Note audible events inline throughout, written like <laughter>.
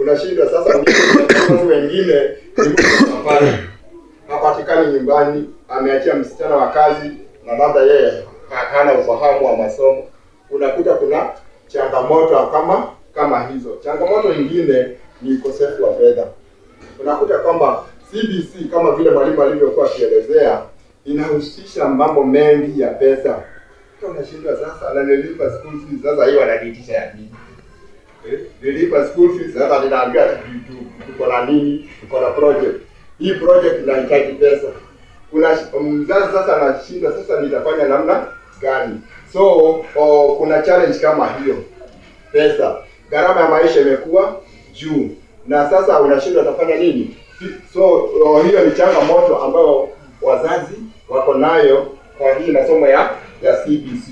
unashindwa sasa wengine safari hapatikani nyumbani, ameachia msichana wa kazi, na labda yeye hana ufahamu wa masomo. Unakuta kuna changamoto kama kama hizo. Changamoto nyingine ni ukosefu wa fedha. Unakuta kwamba CBC kama vile mwalimu alivyokuwa akielezea, inahusisha mambo mengi ya pesa. Unashindwa sasa, ananilipa school fees, sasa hiyo ananiitisha ya nini? nilipa school fees. Sasa ninaambia tuko na nini, tuko na project hii, project inahitaji pesa. Kuna um, mzazi sasa anashinda, sasa nitafanya namna gani? So o, kuna challenge kama hiyo, pesa, gharama ya maisha imekuwa juu, na sasa unashindwa utafanya nini? So o, hiyo ni changamoto ambayo wazazi wako nayo kwa hii masomo ya ya CBC.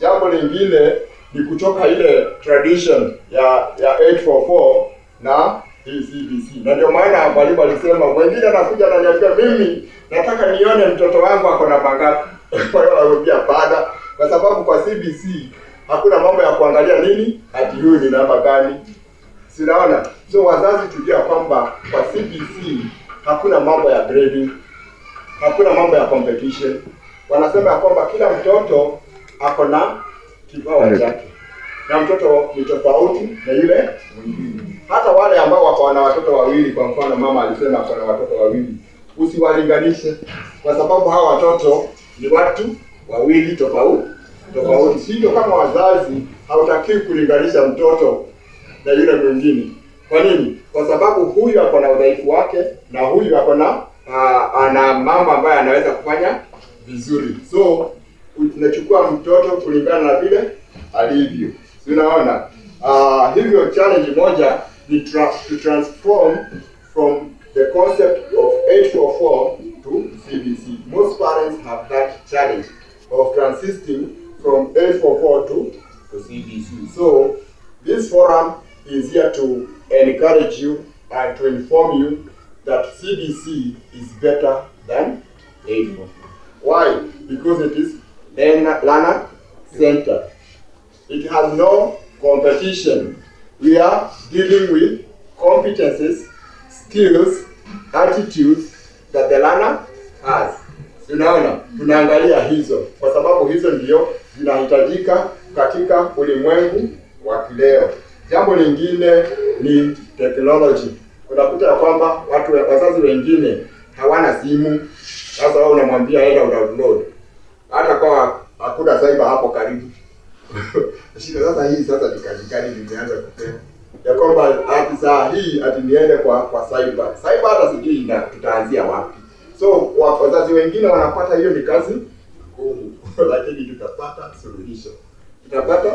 Jambo lingine ni kutoka ile tradition ya ya 844 na DCBC, na ndio maana mwalimu alisema, mwingine anakuja ananiambia, mimi nataka nione mtoto wangu ako na mangapi. <laughs> Kwa hiyo anakuambia bada, kwa sababu kwa CBC hakuna mambo ya kuangalia nini ati huyu ni namba gani, sinaona. So wazazi, tujua kwamba kwa CBC hakuna mambo ya grading, hakuna mambo ya competition. Wanasema kwamba kila mtoto ako na kipawa chake, na mtoto ni tofauti na yule mwingine. Hata wale ambao wako na watoto wawili, kwa mfano mama alisema ako na watoto wawili, usiwalinganishe kwa sababu hawa watoto ni watu wawili tofauti tofauti, sivyo? Kama wazazi, hautakii kulinganisha mtoto na yule mwingine. Kwa nini? Kwa sababu huyu ako na udhaifu wake na huyu ako na ah, ana mama ambaye anaweza kufanya vizuri so tunachukua mtoto kulingana na vile alivyo. Unaona uh, hivyo challenge moja ni tra to transform from the concept of 844 to CBC. Most parents have that challenge of transisting from 844 to, to CBC. So this forum is here to encourage you and to inform you that CBC is better than 844. Why? Because it is Learner Center. It has no competition. We are dealing with competences, skills, attitudes that the learner has. Unaona, tunaangalia hizo kwa sababu hizo ndio zinahitajika katika ulimwengu wa kileo. Jambo lingine ni technology. Unakuta ya kwamba watu wazazi wengine hawana simu. Sasa wewe unamwambia enda udownload hata kwa hakuna saiba hapo karibu. <laughs> Shida sasa hii sasa ni kazi nimeanza kupewa? Ya kwamba hadi saa hii ati niende kwa kwa saiba saiba hata sijui ina tutaanzia wapi. So wazazi wengine wanapata hiyo ni kazi ngumu, <laughs> lakini tutapata suluhisho. Tutapata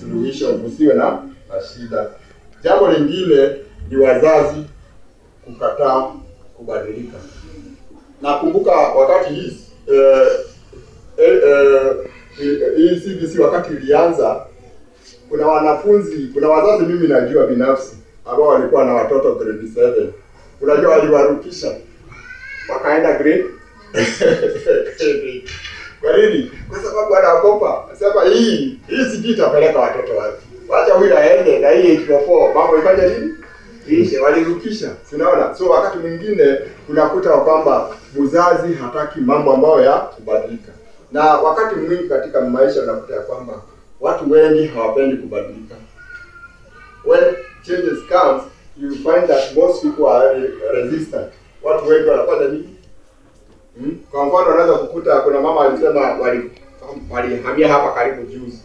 suluhisho, msiwe na na shida. Jambo lingine ni wazazi kukataa kubadilika. Nakumbuka wakati hizi eh, eh, hii eh, eh, e CBC wakati ilianza, kuna wanafunzi, kuna wazazi mimi najua binafsi ambao walikuwa na watoto grade 7 unajua, waliwarukisha wakaenda grade <laughs> kwa nini? Kwa sababu anaogopa, sema hii hii sijui itapeleka watoto wapi, wacha huyu aende na hii H4 mambo ifanye nini ishe. Walirukisha, sinaona. So wakati mwingine unakuta kwamba mzazi hataki mambo ambayo ya kubadilika. Na wakati mwingi katika maisha unakuta ya kwamba watu wengi hawapendi kubadilika. When changes comes, you find that most people are resistant. Watu wengi wanapata nini? Hmm? Kwa mfano unaweza kukuta kuna mama alisema wali walihamia hapa karibu juzi.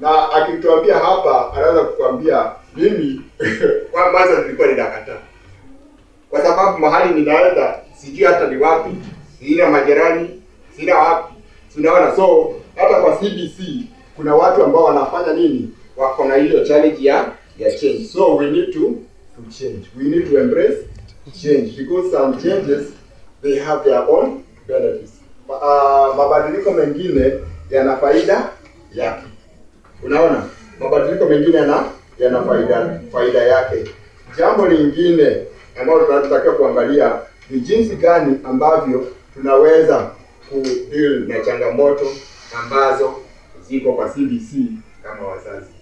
Na akituambia hapa anaweza kukwambia mimi <laughs> kwa mwanzo nilikuwa ninakataa. Kwa sababu mahali ninaenda sijui hata ni wapi, nina majirani sina wapi, tunaona. So hata kwa CBC kuna watu ambao wanafanya nini, wako na hiyo challenge ya ya change. So we need to to change, we need to embrace change because some changes they have their own benefits. Uh, mabadiliko mengine yana faida yake. Unaona, mabadiliko mengine yana yana faida faida yake. Jambo lingine ambalo tunatakiwa kuangalia ni jinsi gani ambavyo tunaweza kudili na changamoto ambazo ziko kwa CBC kama wazazi.